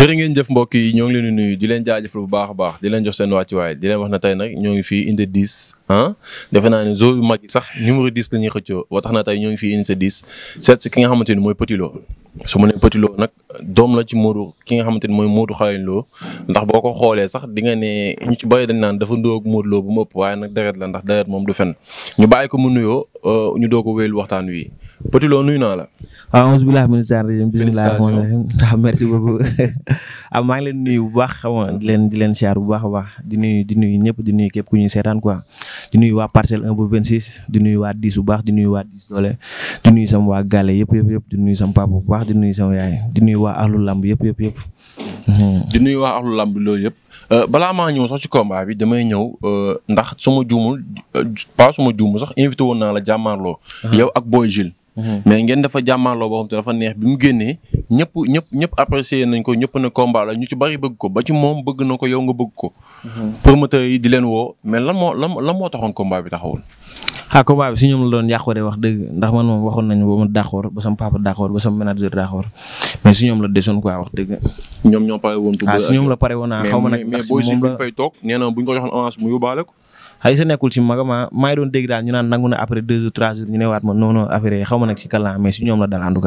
jërë ngeen jëf mbokk yi ñoo ngi leen di nuyu di leen jaajëfal bu baax baax di leen jox seen wàccuwaay di leen wax na tey nag ñoo ngi fii indi 10 ah, defe naa ne zoo yu mag sax numéro 10 la ñuy xëccoo ba tax na tey ñoo ngi fi indi sa 10 seet si ki nga xamante ni mooy Petit Lo su ma nee Petit nag doom la ci Modou ki nga xamante ni mooy Modou Xarañ Lo ndax boo ko xoolee sax di nga ne ñu ci bëri dañ naan dafa ndóog Modou bu mu waaye nag deret la ndax deret moom du fen ñu bàyyi ko mu nuyoo euh, ñu doog a wéyal waxtaan wi Petit Lo nuyu naa la. waaw ah, auzu billaahi mina shaytaani rajiim bismillaahi ah, merci beaucoup ah maa ngi leen nuyu bu baax xam nga di leen di leen siyaar bu baax a baax di nuyu di nuyu ñëpp di nuyu képp ku ñuy seetaan quoi di waa parcelle 1 ba 26 di nuyu waa 10 bu baax di nuyu waa 10 doole di nuyu waa gàlle yëpp yëpp di nuy sam papa bu baax di nuyu sama yaay di nuyu waa ahlu làmb yëpp yëpp yëpp. Hmm. di nuyu waa ahlu làmb loolu yëpp euh, balaa maa ñëw sax ci combat bi damay ñëw euh, ndax suma jumul juumul euh, pas su ma juumul sax invité woon naa la jàmmaarloo. Uh-huh. yow ak Boy uh-huh. mais ngeen dafa jàmmaarloo boo xam dafa neex bi mu génnee ñëpp ñëpp ñëpp apprécié nañ ko ñëpp ne combat la ñu ci bari bëgg ko ba ci moom bëgg na ko yow nga bëgg ko. Mhm. promoteur yi di leen woo mais lan moo lan moo taxoon combat bi taxawul. ah combat bi si ñoom la doon yàqu de wax dëgg ndax man moom waxoon nañu ba ma d'accord ba sama papa d'accord ba sama manager d'accord mais si ñoom la desoon quoi wax dëgg. ñoom ñoo pare woon. ah, ah xaw ma nag. mais mais booy si fay toog nee buñ ko joxoon avance mu yóbbaale ko. ay sa nekkul si magama maa ngi doon dégg daal ñu naan nangu na après deux ou trois jours ñu ne waat ma non non affaire yi xaw ma nag si kàllaa mais si ñoom la dal en tout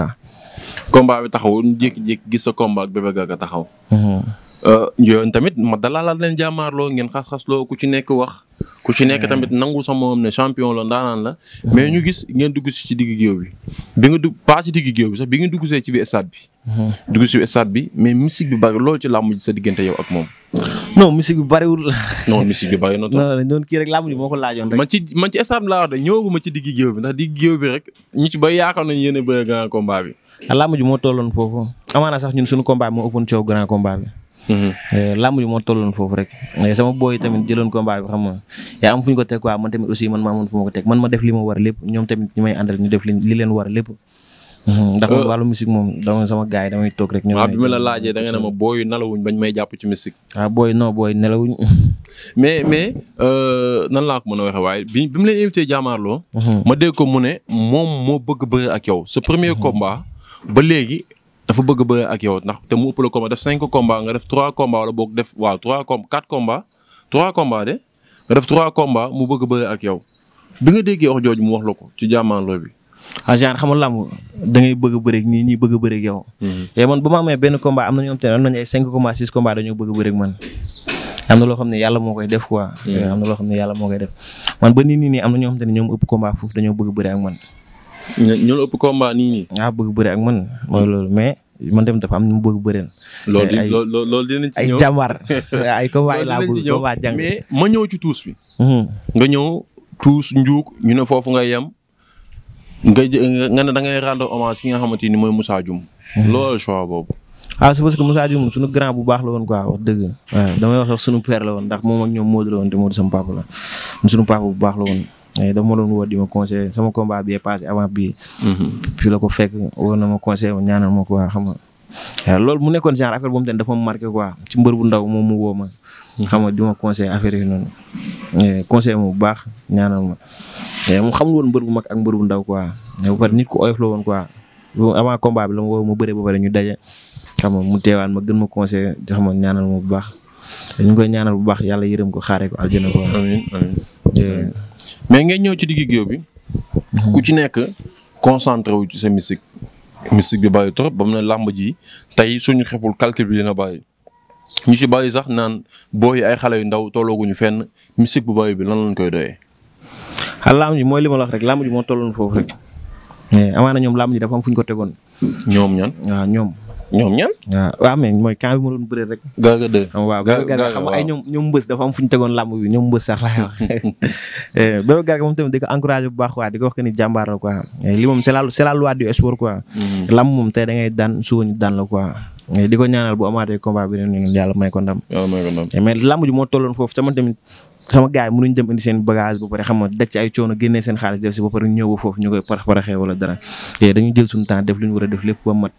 bi taxawul ñu jékki gis sa combat ak Bébé taxaw. Mhm. Euh, yooyu tamit ma la leen jàmmaarloo ngeen xas-xasloo ku ci nekk wax ku ci nekk hmm. tamit nangu sa moom ne champion la ndaanaan la mais ñu gis ngeen dugg si ci digg géew bi bi nga dugg pas si digg géew bi dugg see ci biir stade bi hmm. dugg si stade bi mais musique bi bari loolu ci làmb ji sa diggante yow ak moom non musique bi bariwul non musique bi bari na kii rek làmb moo ko laajoon rek man ci man ci stade bi laa wax de ñëwaguma ci digg géew bi ndax digg géew bi rek ñu ci bay yaakaar nañ yéen a bëgg grand combat bi ah, làmb ji moo tolloon foofu amaana sax ñun suñu combat moo ëppoon coow grand combat bi Mm-hmm. Eh, làmb ji moo tolloon foofu rek eh, sama booy tamit jëloon combat bi xam nga yaa am fu ñu ko teg quoi man tamit aussi man maa amoon fu ma ko teg man ma def li ma war lépp ñoom tamit ñu may àndal ñu def li mm-hmm. euh, sama gars yi damay toog rek. waaw bi ma la laajee da nga ne ma booy nalawuñ bañ may jàpp ci ah, mais euh, nan laa ko a waxee waaye bi bi mu leen invité Jamarloo. Mm-hmm. ma dégg ko mu ne moom moo bëgg bëri ak yow. sa premier combat ba léegi dafa bëgg a ak yow ndax te mu ëpp la combat def cinq combat nga def trois combat wala boog def waaw trois com quatre combat trois combat de nga def trois combat mu bëgg a ak yow bi nga déggee wax jooju mu wax la ko ci jàmmaarloo bi. ah genre xam nga làmb da ngay bëgg a bëre ak ñii ñii a bëre ak yow. Mm-hmm. te man bu ma amee benn combat am na a xam ne yàlla moo koy def quoi. Mm-hmm. am na loo xam ne yàlla moo koy def man ba nii nii nii am na ñoo xam te ne ñoom ëpp combat foofu dañoo bëgg a bëre ak man ñoo la ëpp combat nii nii. nga ah, bëgg bëri ak man mooy loolu mais man dem dafa am ñu bëgg bëreel. loolu di loolu dinañ ci ay jàmbaar ay combat ay laabu combat jàng ma ñëw ci tuus bi. Hmm. nga ñëw tuus njuug ñu ne foofu nga yem. nga nga ne da ngay rendre hommage ki nga xamante ni mooy Moussa Dioum. Hmm. loolu choix boobu. ah c'est parce que Moussa Dioum sunu grand bu baax la woon quoi wax dëgg. waaw hmm. damay wax sunu père la woon ndax moom ak ñoom Modou la woon te Modou sama sunu papa bu baax la Eh, daf ma doon woo di ma conseillé sama combat bi passé avant bii. Mhm. fi la ko fek woo na ma conseillé ñaanal ma quoi xam nga. Eh, loolu mu nekkoon genre affaire boobu tamit dafa marqué quoi ci mbër bu ndaw moom mu woo ma. Mhm. xam nga di ma conseillé affaire yi noonu. Eh, conseillé ma bu baax ñaanal ma. mu xamul woon mbër bu mag ak mbër bu ndaw quoi. bu pare nit ku oyof la woon quoi. avant combat bi la ma woo ma bëree ba pare ñu daje. xam nga mu teewaat ma gën ma conseillé jox ma ñaanal ma bu baax. ñu ngi ñaanal bu baax yàlla yërëm ko xaaree ko aljana ko. amiin mais ngay ñëw ci digg géew bi. ku ci nekk concentré wu ci sa mystique. mystique bi bàyyi trop ba mu ne làmb ji tey suñu xeful calcul bi dina bàyyi. ñu ci bàyyi sax naan booy ay xale yu ndaw tollooguñu fenn mystique bu bàyyi bi lan lañ koy doyee. ah làmb ji mooy li ma la rek làmb ji moo tolloon foofu rek. mais amaana ñoom làmb ji dafa am fu ñu ko tegoon. ñoom ñan waaw ñoom. ñoom ñan. waaw waaw mais mooy camp bi ma doon bëree rek. gaaga de waaw gaaga xam nga ay ñoom ñoom mbës dafa am fu tegoon làmb bi ñoom mbës sax laay wax. Eh, bébé garga moom tamit di la quoi eh, li moom c'est la c'est la loi du sport quoi. Mm-hmm. da ngay daan suba ñu daan la quoi. Eh, di ko ñaanal bu amaatee combat bi ne may ko ndam. yàlla may moo tolloon foofu sama tamit. sama gars yi mënuñ dem indi seen bagage ba pare xam nga ay coono génnee seen xaalis def si ba pare ñëw ba foofu koy parax paraxee wala dara te dañu jël suñu temps def lu ñu war a def lépp mat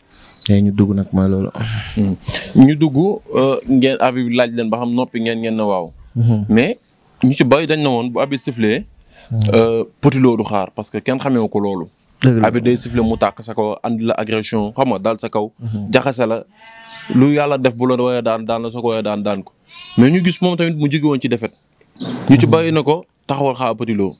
mais ñu dugg nag mooy loolu. Hmm. ñu dugg euh, ngeen abi laaj leen ba xam noppi ngeen ngeen na waaw. Hmm. mais ñu ci bay dañ na woon bu Habib sifflé. Hmm. Euh, Petit Lo du xaar parce que kenn xameewu ko loolu. Habib day sifflé mu tàkk sa kaw andi la agression xam nga daal sa kaw. jaxase la lu yàlla def bu la wooyee daan daan la soo ko wooyee daan daan ko mais ñu gis moom tamit mu jóge woon ci defet ñu ci bàyyi na ko taxawal xaar Petit Lo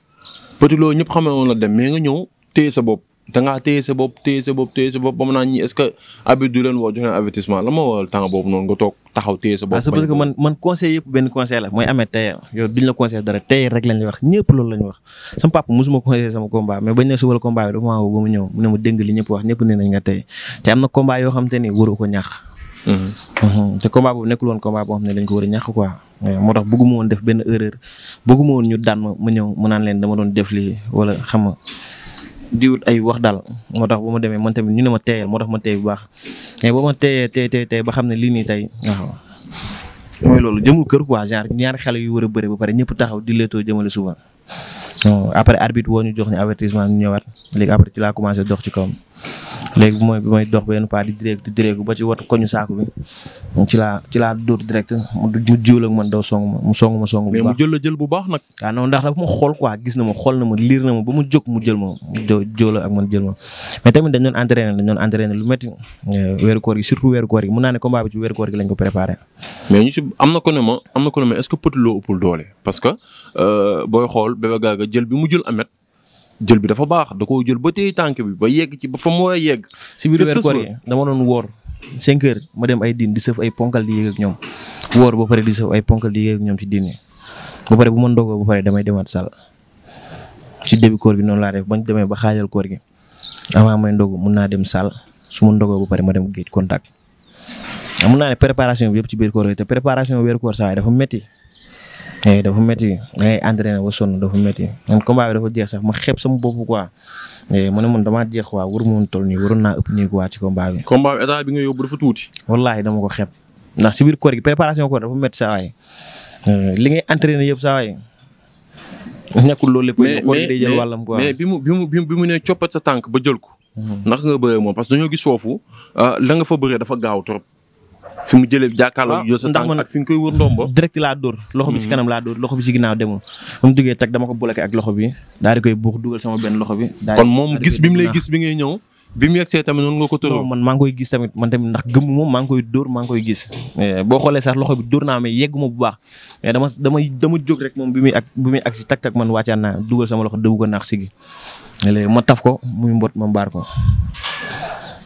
Petit ñëpp xamee woon la dem mais nga ñëw téye sa bopp. da ngaa téye sa bopp téye sa bopp téye sa bopp ba mu naan ñi est-ce que abi du leen woo jox leen avertissement la ma waral temps te am na combat xam te waru ko ñàkk. Mhm. Mhm. te combat boobu nekkul woon combat boo xam ne lañ ko war a ñàkk quoi. moo tax bëgguma woon def benn erreur bëgguma woon ñu daan ma ñëw mu naan leen dama doon def lii wala xam diwut ay wax daal moo tax ba ma demee man tamit ñu ne ma teeyal moo tax ma teey bu baax mais boo ma teeyee teey teey teey ba xam ne lii nii tey waaw mooy loolu jëmul kër quoi genre ñaar xale yu war a bëre ba pare ñëpp taxaw di leetoo jëmale suba après arbitre woo ñu jox ñu avertissement ñu ñëwaat léegi après ci laa commencé dox ci kawam léegi bu may bu may dox benn pas di direct direct ba ci watu koñu saako bi ci laa ci laa dóor direct mu jiwul ak man daw song ma mu song ma song. bu baax mais mu jël la jël bu baax nag. waaw ah non ndax dafa ma xool quoi gis na ma xool na ma liir na ma ba mu jóg mu jël ma mu jiwul ak man jël ma mais tamit dañ doon entraîné dañ lu métti euh, weeru koor gi surtout weeru koor gi mun naa ne combat bi ci weeru koor gi lañ ko préparé. mais ñu si am na ko ne ma am na ko est-ce que Petit Lo ëppul doole parce que euh, booy xool Bébé Garga jël bi mu jël Ameth jël bi dafa baax da koo jël ba tey tànk bi ba yegg ci ba fa mu war yegg. si biir weer koor yi dama doon woor. 5 ma dem ay diin di sëf di ak ñoom woor ba pare di ay ponkal di yéeg ak ñoom ci diine ba bu pare damay demaat sàll ci début koor noonu laa def bañ demee ba xaajal koor gi avant may ndogu mun naa dem sàll su ma ndogoo ba pare ma dem géej contact. mun naa ne préparation bi yëpp ci biir koor gi te préparation weeru koor saa dafa métti. eh dafa métti da ngay eh, entraîné ba sonn dafa métti man combat bi dafa jeex sax ma xeeb sama bopp quoi eh ma ne man damaa jeex quoi waru ma woon toll nii waroon naa ëpp nii quoi bi. nga yóbbu dafa tuuti. wallaahi dama ko xeeb ndax si biir koor gi préparation koor dafa métti saa waay eh, li nga entraîné yëpp saa waay nekkul loolu lépp. mais mais mais bi mu bi mu bi mu nee coppat sa tànk ba jël ko. Mhm. ndax nga bëree parce que dañoo gis foofu ah, la nga fa bëree dafa gaaw trop. fi mu jëlee jàkkaarloo yoo sa tànk ak fi nga koy wër ndombo direct laa dóor loxo bi si hmm. kanam laa dóor loxo bi si ginnaaw demul ba mu jógee teg dama ko bloqué ak loxo bi daal bi kon moom gis ngay ñëw bi mu yegsee tamit noonu nga ko tëroo man maa ngi koy gis tamit man tamit ndax gëmm moom maa ngi koy dóor maa ngi koy gis boo xoolee sax loxo bi dóor naa mais yeggu ma bu baax dama dama dama jóg rek moom bi muy ak bi muy ak si tak-tak man wàccaan naa dugal sama loxo dëgg ko naax sigi léegi ma taf ko muy mbot ma mbaar ko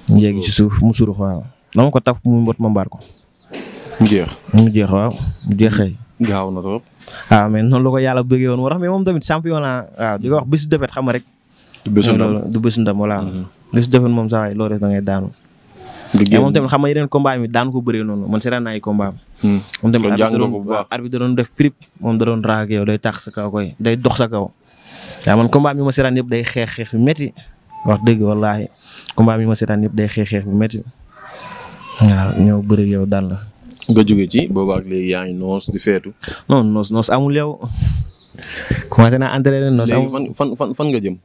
njéegi si suuf mu surux waaw dama ko taf mu mbot ma mbaar ko. mu jeex mu jeex waaw mu jeexee. gaaw na trop. waaw ah, mais noonu la ko yàlla bëggee woon moo tax mais moom tamit champion la waaw di wax bés defet xam nga rek. du bésu ndam du bésu ndam voilà. Mm-hmm. moom sax loo des da ngay daanu. liggéey moom tamit xam nga yeneen combat mi daan ko bëree noonu man seetaan mm. moom tamit arbitre da doon def prip moom da doon raag yow day tax sa kaw koy day dox sa kaw. waaw man combat mi ma seetaan day xeex xeex bu métti wax dëgg wallaahi combat mi ma seetaan yëpp day xeex xeex bu métti waaw ñëw bëri yow daan la. nga jóge ci boobu ak léegi yaa ngi noos di feetu. non noos noos amul yow. commencé naa entraîné noos amul fan fan fan nga jëm.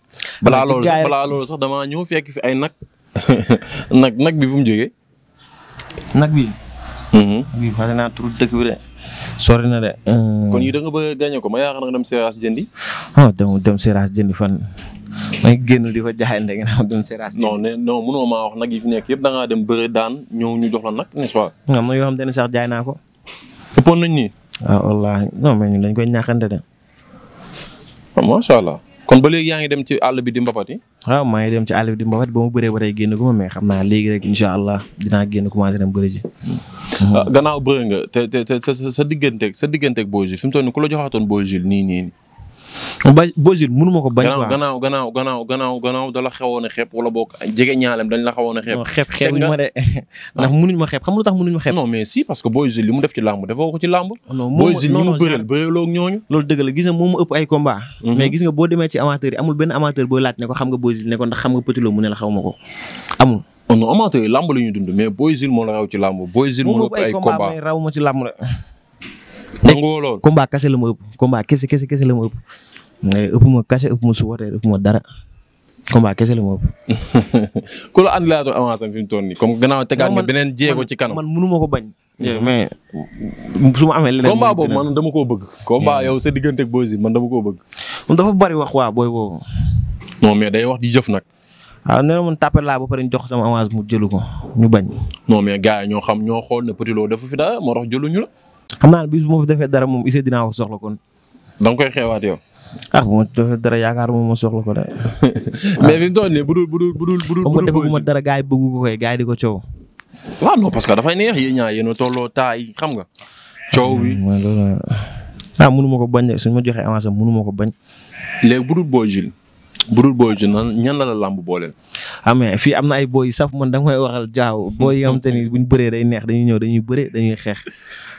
balaa loolu sax balaa loolu sax damaa ñëw fekk fi ay nag. nag bi fu mu jógee. bi. Mhm. bii fàtte naa bi de. sori na de. kon euh. yi da nga bëgg a gagné ko ma yaakaar nga dem oh, fan. ma génn di ko jaxande nga xam doon séras non ne non mënoo wax nag yi fi nekk yëpp dem bëre daan ñëw jox la nag n'est-ce na yoo xam te sax jaay naa ko ëppoon nañ nii waaw ah, wallaahi non mais ñun dañ koy ñàkkante de ah, macha allah kon ba léegi yaa ngi dem ci àll bi di mbapat yi waaw ah, maa ngi dem ci àll bi di mbapat ba mu bëree ba tey génn gu mais xam naa léegi rek incha allah dinaa génn commencé dem bëri ji gannaaw bëri nga te te sa digganteeg sa digganteeg Boy Jules fi mu toll ku la joxaatoon Boy Jules nii nii ba Bozil mënuma ko bañ. waaw gannaaw gannaaw gannaaw gannaaw gannaaw xewoon a xeeb wala boog jege ñaalem dañ la xewoon a xeeb. xeeb xeebuñu ma de ah. ndax mënuñ ma xeeb xam lu tax mënuñ ma xeeb. non mais mu def ci làmb defoo ko ci làmb. non moom mu ëpp ay combat. Mhm. boo demee ci raw ma ci làmb nangu woo loolu combat la ma ëpp combat kese kese kese la ma ëpp. ëpp ma kese ëpp ma supporter ëpp ma dara combat kese la ma ëpp. ku la andi laa doon avancé fi mu toll nii comme gannaaw tegaat nga beneen jéego man mënu ma ko bañ. Mm-hmm. mais su ma amee leneen. combat boobu man dama koo bëgg. combat yow sa diggante ak Boy Jules man dama koo bëgg. moom dafa bari wax waa booy boobu. non mais day wax di jëf nag. waaw ah, nee na man tàppale laa ba pare ñu jox sama avance mu jëlu ko ñu bañ. non mais gars yi ñoo xam ñoo xool ne Petit Lo dafa fi moo tax jëluñu xam naa ne bis bu ma fi defee dara moom Issa dina ko soxla ko da nga koy xeewaat yow. ah bu ma defee dara yaakaar moom ma soxla ko de. mais fi mu toll nii bu dul bu dul bu dul bu dul. comme defaguma dara gars yi di ko coow. waaw non parce que dafay neex yéen ñaa yéen a tolloo taay xam nga. coow bi mm, ah, ko bañ suñ ma joxee avance ko bañ. léegi bu dul Boy Jules bu ñan la la làmb booleel amee fii am na ay booy saf man da nga koy waxal jaaw booy yi nga xam te ni buñ bëree day neex dañuy ñëw dañuy bëree dañuy xeex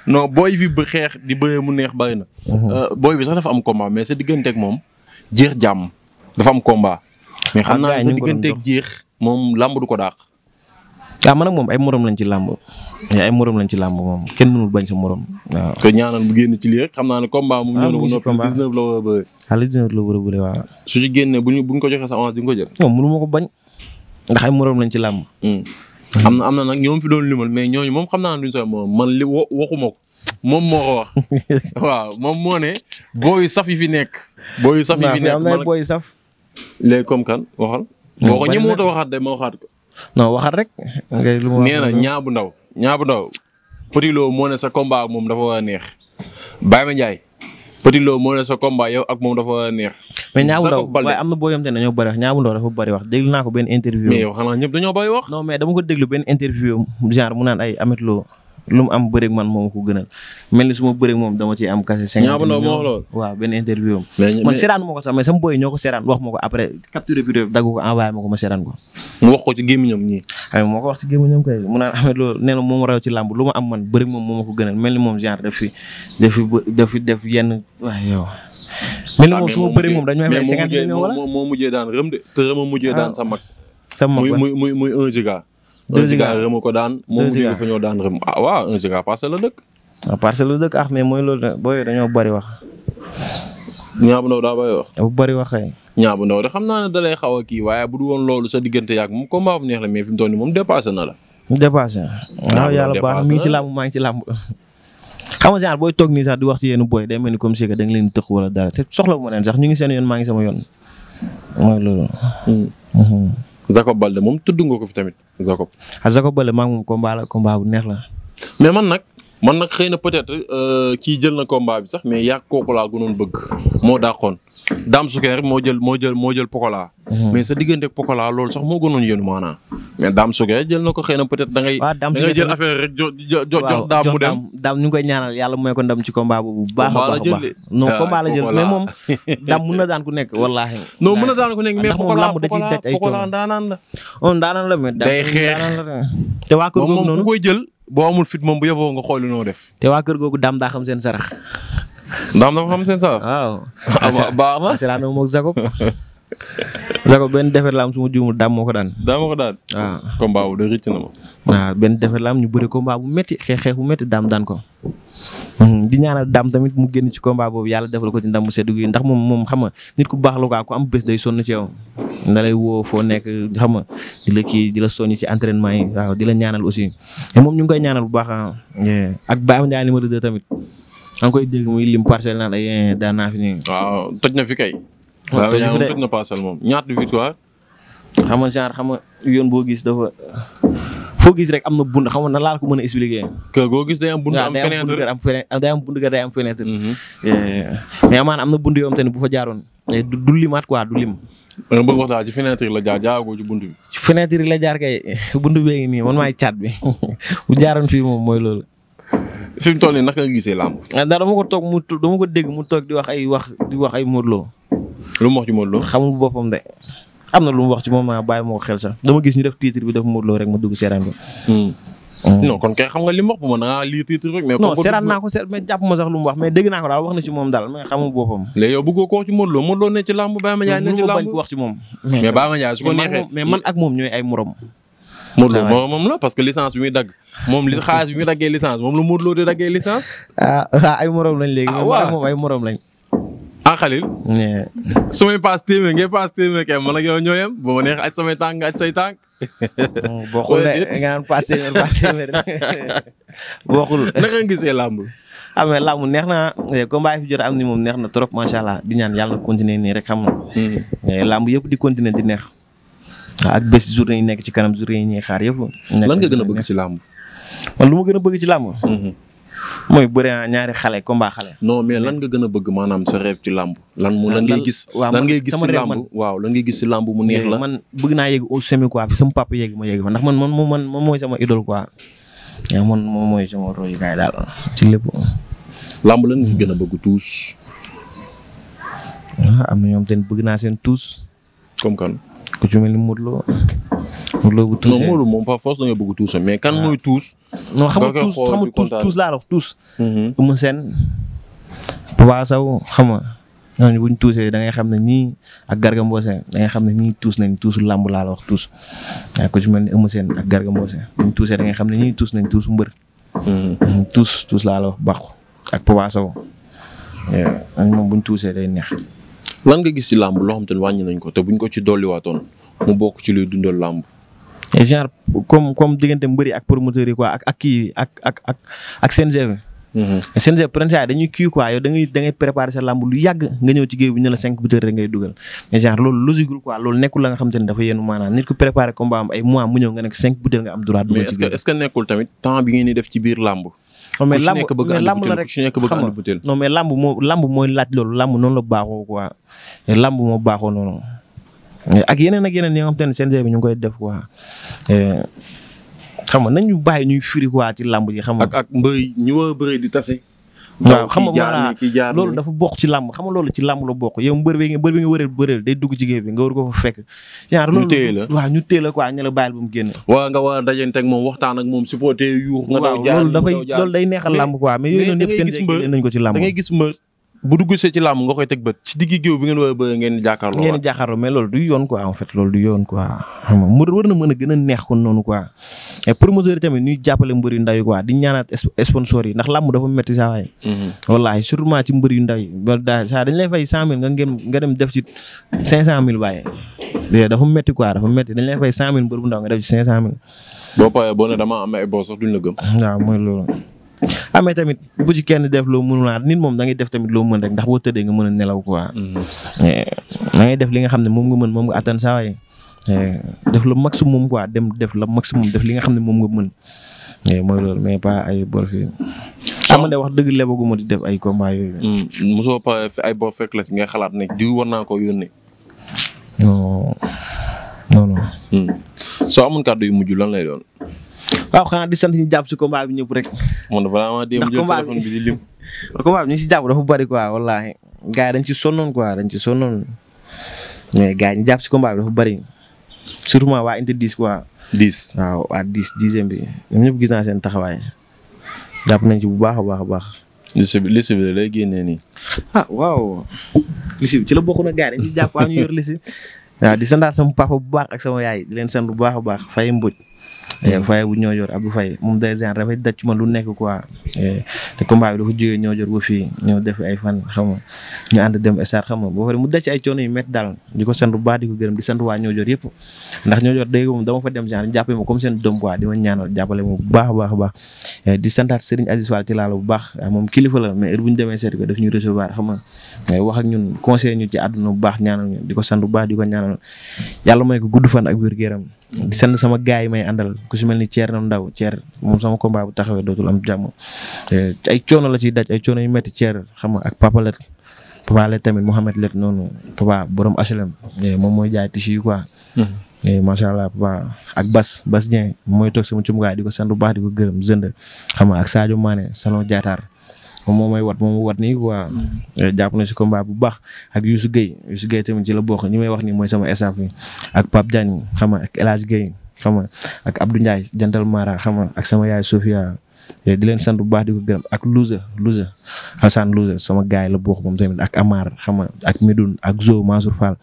no booy bi bu xeex di bëree mu neex bëri na mhm. euh, booy bi sax dafa am komba mais sa digganteeg moom jeex jàmm dafa am combat ah, mais xam naa sa digganteeg jeex moom làmb ko daax ah, waaw man moom ay morom lañ ci làmb ay morom lañ ci làmb moom kenn mënul bañ sa morom waaw. ko ñaanal mu génn ci lii rek xam naa ne combat moom ah, ñëw na ko noppi 19 la war a bëre. ah 19 su ci génnee bu ñu bu ko joxee sa avance di nga ko jël. non ko bañ. ndax ay moroom lañ ci làmb. Mm. am na am na nag ñoom fi doon limal mais ñooñu moom xam naa ne duñ sooy moom man li waxuma ko moom moo ko moom moo ne booyu saf yi fi nekk. booyu saf yi fi nekk man booyu saf. léegi comme kan waxal. boo ko ñemewut waxaat de ma waxaat ko. waxaat rek. ngay lu ma nee ñaabu ndaw ñaabu ndaw. Petit Lo moo ne sa combat moom dafa war a neex. Baye Ma Ndiaye Petit Lo moo ne sa a yow ak moom dafa neex. mais Niang bu Ndaw waaye am na boo yomte dañoo bëri wax Niang bu naa ko benn interview. mais yow xanaa ñëpp dañoo bëri wax. non mais dama ko déglu benn interview genre mu naan Lo lu mu am bëreeg man moom ko gënal mel ni su ma bëreeg moom dama ciy am kase cinquante millions waaw benn interview am man seeraanu ma ko sax mais sama boy ñoo ko seeraan wax ma ko après capture vidéo dagg ko envoyé moo ko wax ci gémmiñam kay mu naan amee loolu nee na moom raw moo ma ko gënal mel ni moom genre daf fi daf fi daf fi def yenn waa yow mel ni ah, moom su ma bëreeg moom dañ may may cinquante millions wala moo mujjee daan rëm de te a mujjee daan ah. sa mag muy muy muy un giga 2 giga rëmm ko daan. 2 moom jóge fa ñoo daan rëmm ah waaw 1 giga parcelle la dëkk. waaw ah, parcelle la dëkk ah mais mooy loolu nag booy dañoo bari wax. ñaabu ndaw daa bari wax. bu bari wax ñaabu ndaw de xam naa ne da lay xaw kii waaye bu du woon loolu sa diggante yàgg moom combat bu neex la mais fi mu nii moom dépassé na la. dépassé waaw yàlla baax mi ngi ci làmb maa ngi ci làmb. xam nga genre booy toog nii sax di wax ci yenn booy day mel ni comme si que da nga leen tëx wala dara te soxla bu ma leen sax ñu ngi seen Jacob Balde moom tudd nga ko fi tamit Jacob. ah Jacob Balde maa ngi moom combat la bu neex la. mais man nag man nag xëy na peut-être euh, kii jël na combat bi sax mais yaa kooku laa gënoon bëgg moo daaxoon Dame Souker moo jël moo jël moo jël Pokola. Mhm. mais sa diggante Pokola loolu sax moo gënoon yéen maanaam. mais Dame Souker jël na ko xëy na peut-être da ngay. da ngay jël affaire rek jo jo jox Dame mu dem Dame ñu ngi koy ñaanal yàlla mooy ko ndam ci combat boobu. bu baax a baax a baax non combat ah, la jël mais na daan ku nekk wallaahi. non mun na daan ku nekk mais Pokola Pokola Pokola la. on ndaanaan la mais. day xeex te waa kër googu noonu moom jël boo amul fit moom bu yeboo nga xool lu def. te waa kër googu Dame daa xam seen sarax ndax am na xam seen sax. waaw. baax na asalaam na moom ak benn defet la am su ma moo ko daan. daam moo ko daan. waaw benn defet la ñu bëri combat bu métti xeex xeex daam daan ko. Hmm, di ñaanal daam tamit mu génn ci combat boobu yàlla defal ko ci ndam mu sedd gi ndax moom moom xam nga nit ku baax la quoi am bés day sonn ci yow. na lay woo foo nekk xam nga di la kii di la soññ ci entraînement yi waaw di la ñaanal aussi te moom ñu koy ñaanal bu baax ah, ak Baye Mandiaye numéro 2 tamit. maa ngi koy dégg muy lim parcelle eh, naa xam yoon boo gis dafa foo rek am na bund xam nga na laal ko mën a expliquer. kër goo gis day am bund am am fenêtre day am bund mhm. eh, na bund yoo xam bu fa jaaroon eh, du limaat quoi du lim. fenêtre la jaar bunt bi. ci fenêtre la jaar kay bunt bee nii man maay caat bi bu jaaroon fii moom mooy loolu. fi mu toll nii naka nga gisee làmb. ndax ah, dama ko toog mu dama ko dégg toog di wax ay wax di wax ay Modou Lo. lu mu wax ci Modou Lo. de am na lu mu wax ci moom maa bàyyi ma xel sax dama gis ñu def titre bi def Modou Lo rek ma dugg seeraan bi. Hmm. Hmm. non li mu wax bu ma da ngaa lii naa ko seet mais sax lu wax mais dégg naa ko daal wax ci moom daal mais xamul ko wax ci Modou Lo moom. mais man ak moom ñooy ay morom Modou Lo moom la parce que licence bi muy dagg moom li xaalis bi muy daggee licence moom la Modou Lo daggee licence. Ah, ah ay moroom lañ léegi. ah waaw moom ay morom lañ. ah Khalil. su may paas téeméer ngay paas téeméer kay ak yow ñoo yem bu ma neex aj samay tànk nga aj say nga naan paas téeméer paas téeméer bokkul. naka gisee làmb. ah mais neex na eh, combat yi fi am ni moom neex na trop macha allah di ñaan yàlla na continuer nii rek xam nga. Hmm. Eh, làmb yëpp di continuer di neex. ak bés journée yi nekk ci kanam journée yi ñuy xaar yëpp. lan nga gën bëgg ci làmb. man lu ma gën a bëgg ci làmb. Mm-hmm. mooy bëri ñaari xale combat xale. non mais lan nga gën a bëgg maanaam sa ci làmb. lan mu lan ngay gis lan ngay gis ci làmb waaw lan ngay gis ci làmb mu neex man bëgg naa yegg au sommet sama papa yegg ma yegg fa ndax man man man man mooy sama idole quoi. yaa moom mooy sama royukaay daal ci lépp. làmb lan nga gën a bëgg tuus. Ah, am na ñoom tamit bëgg naa seen tuus. comme kan. ku ci mel ni Modou Lo. Modou Lo bu tuusee non Modou moom par force da nga bëgg mais kan ah. mooy tuus. non xam nga tuus xam nga tuus tuus laa wax mhm. xam nga ñooñu bu ñu tuusee xam ne ñii ak Garga Mbossé da ngay xam ne ñii tuus nañ tuusu làmb laa la wax tuus. waaye ku ci mel ni Eumeu Sène ak Garga Mbossé bu ñu tuusee da xam ne ñu ñii tuus nañ tuusu mbër. Mhm. tuus tuus laa la wax bàqu ak Papa Sow. waaw moom bu tuusee day neex. lan nga gis ci làmb loo xam te wàññi nañ ko te buñ ko ci dolliwaatoon mu bokk ci luy dundal làmb. genre comme comme diggante mbëri ak promoteur yi quoi ak ak kii ak ak ak ak CNG pour saa dañuy kii quoi yow da ngay da lu yàgg nga ñëw ci géej bu ñu ne dafa yéenu maanaam nit ku préparer combat la rek xam moo lamb mooy laaj loolu lamb noonu la baaxoo quoi lamb moo ne bi ñu ngi koy def quoi euh, xam nga nañu bàyyi ñuy firi waa ci làmb ji xam nga. ak ak mbëri ñu war a bëri di tase. loolu dafa bokk ci làmb xam nga loolu ci làmb la bokk yow mbër bi nga mbër wëreel bëreel day dugg jigéen bi nga war ko fekk. genre loolu ñu téye la waaw ba mu génn. waaw nga a dajante ak waxtaan ak moom supporter yu. nga daw jaar loolu dafay loolu day neexal làmb quoi mais yooyu noonu yëpp seen. nañ ko ci làmb da gis mbër bu dugg see ci làmb nga koy teg bët ci diggi géew bi ngeen war a bëgg ngeen di jàkkaarloo ngeen di jàkkaarloo mais loolu du yoon quoi en fait loolu du yoon quoi xam nga mu war na mën a gën a neex kon noonu quoi et promoteur yi tamit yu ndaw yi quoi mhm. dañ lay fay cent mille nga ngeen nga dem def ci cinq cent mille waaye dafa metti quoi dafa metti dañ lay fay cent mille mbër bu ndaw nga def ci boo paree boo ne dama am ay boo sax gëm waaw mooy loolu amee ah, tamit bu ci kenn def loo mënulaa ah, nit moom da ngay def tamit loo mën rek ndax boo tëddee nga mën a nelaw quoi. Mm. Eh, da ngay def li nga xam ne moom nga mën moom nga saa waay eh, def la maximum quoi dem def la maximum def li nga xam ne moom nga mën. Eh, mooy loolu mais pas ay bor fi am wax dëgg lebagu ma di def ay combat yooyu. Mm, mosoo pa ay nga xalaat ne diw war naa ko yónnee. non non non. Mm. soo amoon kàddu yu mujj lan lay doon. waaw xanaa di sant ñu jàpp si combat bi ñëpp rek. man balaa maa dem jël téléphone bi si jàpp dafa bari quoi wallaahi gars yi dañ ci sonnoon quoi dañ ci sonnoon mais gars yi jàpp si combat bi dafa bari surtout waa inte 10 quoi. 10 waaw waa 10 dixième bi ñëpp gis naa seen taxawaay jàpp nañ ci bu baax a baax a baax. liste bi liste bi nii. ah waaw liste bi ci la bokk na gars yi dañ ci jàpp waa ñu yor liste waaw di santaat sama papa bu baax ak sama yaay di leen san bu baax a baax fay Mbodj. Eh, Faye bu ñoo joor Abdou Faye moom de genre dafay daj ma man lu nekk quoi eh, te combat bi dafa jógee ñoo joor ba fii ñoo def ay fan xam nga ñu ànd dem estar xam nga boo xam mu daj ci ay coono yu métti daal di ko sant bu di ko gërëm di sant waa ñoo joor yëpp ndax ñoo joor dégg moom dama fa dem genre jàppee ma comme seen doom quoi di ma ñaanal jàppale moom bu baax a baax a baax eh, di santaat Serigne bu baax moom kilifa la mais heure bu ñu demee seet ko daf ñu recevoir xam nga wax ak ñun conseil ñu ci àdduna bu baax ñaanal ñu di ko sant bu baax di ko ñaanal yàlla may ko gudd fan ak wér-gu-yaram sant sama gaay yi may àndal ku si mel ni Thierno Ndaw Thier moom sama combat bu taxawee dootul am jamo eh, ay coono la ciy daj ay coono yu metti Thier xam nga ak Papa Let Papa Let tamit Mouhamed Let noonu Papa borom HLM eh, moom mooy jaay tissu yi quoi. Hmm. Eh, macha allah Papa ak Bas Bas Dieng mooy toog sama cumbukaay di ko sant bu baax di ko gërëm zënd xam nga ak saajo Mané salon jaataar moom moo may wat moom wat ni waa mm. eh, jàpp na si combat bu baax ak Youssou Gueye Youssou Gueye tamit ci la bokk ñi may wax nii mooy sama staff yi ak Pape Diagne xam nga ak El Hadj xama xam nga ak Abdou Ndiaye Jantal Mara xam nga ak sama yaay Sofia. Eh, di leen sant bu baax di ko ak Louga Louga Hassan Louga sama gaay la bokk moom tamit ak Amar xam nga ak Medoune ak Zo Mansour Fall.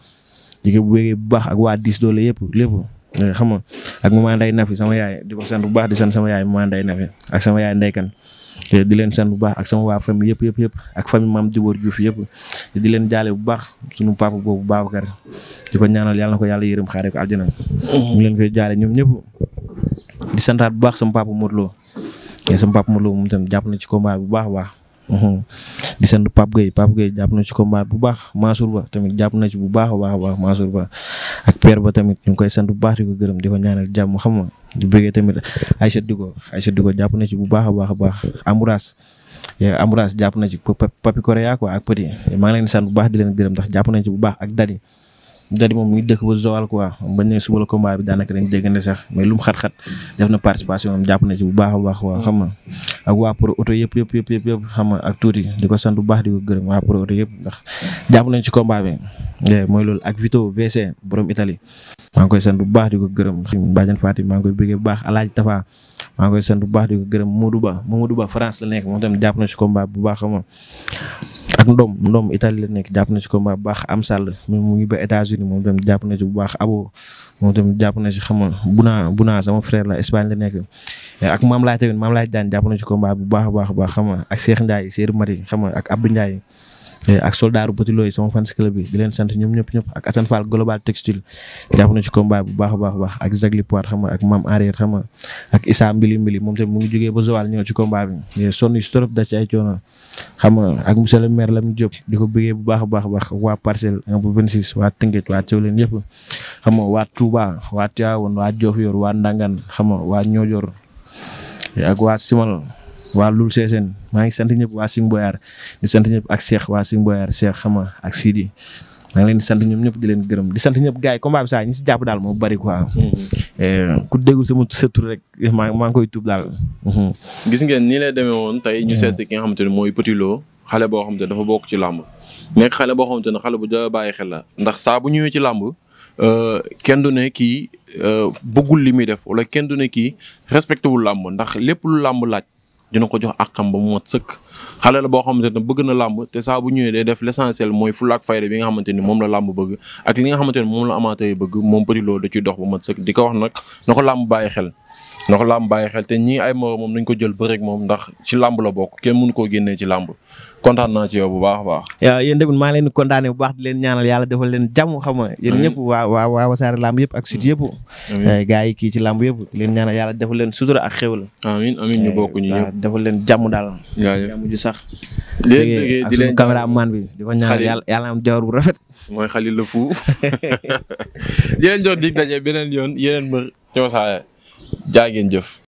bu baax ak waa Dis doole yëpp lépp eh, xam nga ak maman Ndeye Nafi sama yaay di ko sant bu baax di sant sama yaay maman Ndeye Nafi ak sama yaay Ndeye di leen sant bu baax ak sama waa famille yëpp yëpp yëpp ak famille maam Dibor Diouf yëpp di leen jaale bu baax suñu papa boobu Babacar di ko ñaanal yàlla na ko yàlla yërëm xaaree ko aljana ñu mm-hmm. leen koy jaale ñoom ñëpp di santaat bu baax sam papa Modou Lo sama papa Modou Lo moom jàpp na ci combat bu baax a baax Mhm. di sant Pape Gueye Pape Gueye jàpp na ci combat bu baax Mansour Ba tamit jàpp na ci bu baax a baax a baax Mansour Ba ak père ba tamit ñu ngi koy sant bu baax di ko gërëm di ko ñaanal jàmm xam nga di bëggee tamit Aïcha Diko Aïcha Diko jàpp na ci bu baax a baax a baax Amouraas eh, Amouraas jàpp na ci Papi Korea quoi ak Petit maa ngi leen bu baax di leen gërëm ndax jàpp nañ ci bu baax ak Dadi dadi moom mu ngi dëkk ba Joal quoi bañ ne suba la combat bi daanaka ne sax mais lu xat-xat def na participation am jàpp na ci bu baax a baax waa xam nga ak waa pour oto yëpp yëpp yëpp yëpp yëpp xam nga ak tuuti di ko sant bu baax di gërëm waa pour yëpp ndax jàpp nañ ci combat eh, mooy loolu ak Vito VC borom Italie maa ngi koy sant bu baax di ko gërëm Badiane Fatim maa ngi koy bëggee bu baax a laaj maa ngi koy sant bu baax di ko gërëm Modou Ba Mamadou Ba France la nekk moom tamit jàpp na ci combat bu baax xam nga ak ndoom ndoom Italie la nekk jàpp na ci combat bu baax am sàll mu ngi ba États-Unis moom tamit jàpp na ci bu baax abo moom tamit jàpp na ci xam nga Buna Buna sama frère la Espagne la nekk eh, ak maam laay tamit maam laay jaan jàpp na ci combat bu baax a baax a baax xam nga ak Cheikh Ndiaye seer Marie xam nga ak Abdou njaay Eh, ak soldaaru Petit Lo sama fans bi di leen sant ñoom ñëpp ñëpp ak Assane Fall global textile jàpp na ci combat bu baax a baax baax ak Zagli Poir xam Mam Arrière xam ak Issa Mbili Mbili moom tamit mu ngi ba Joal ñëw ci combat bi eh, sonn si trop da ci ay coono xam nga ak monsieur le maire Lamine Diop di ko bëggee bu baax a baax baax waa parcelle 1 bu 26 waa Tëngéej waa Thiawlène yëpp xam nga waa Touba waa Tivaouane waa Diofior waa Ndangan xam nga waa Niodior eh, ak waa Simal waa Loul Sessène maa ngi sant ñëpp waa Sine Boyar di sant ñëpp ak Cheikh waa Sine Boyar Cheikh xama ak Sidi maa ngi leen sant ñoom ñëpp di leen gërëm di sant ñëpp gars yi combat bi saa ñi si jàpp daal moo bari quoi. Mm-hmm. Eh, ku déggul sama sa tur rek maa maa ngi koy tuub daal. Mm-hmm. gis ngeen nii lay demee woon tey ñu mm-hmm. seet si ne mooy Petit xale boo xam ne dafa bokk ci làmb nekk xale boo xam xamante ne xale bu ja bàyyi xel la ndax saa bu ñëwee ci làmb. Uh, kenn du ne kii uh, bëggul li muy def wala kenn du ne kii respecté wul làmb ndax lépp lu làmb laaj dina ko jox àqam ba mu mat sëkk xale la boo xamante ne bëgg na làmb te saa bu ñëwee day def l'essentiel mooy fulaak fayda bi nga xamante ni moom la làmb bëgg ak li nga xamante ni moom la amaatee bëgg moom Petit Lo da dox ba mat sëkk di ko wax nag na ko làmb bàyyi xel ndax làmb bàyyi xel te ñii ay moroom moom nañ ko jël bëreeg moom ndax ci làmb la bokk kenn mënu koo génnee ci làmb kontaan naa ci yow bu baax a baax. yéen tamit maa ngi leen di bu baax di leen ñaanal yàlla defal leen jàmm xam nga yéen ñëpp waa waa waa wasaare làmb yëpp eh, ci làmb yëpp di leen ñaanal yàlla defal leen sutura ak xéwal. amiin amiin ñu eh, leen jàmm daal. jàmm ju sax. léegi di leen caméraman bi di ko ñaanal yàlla yàlla am jawar bu rafet. mooy xalil la fu di leen jox dig daje beneen yoon yeneen mbër ci wasaare jaa ngeen jëf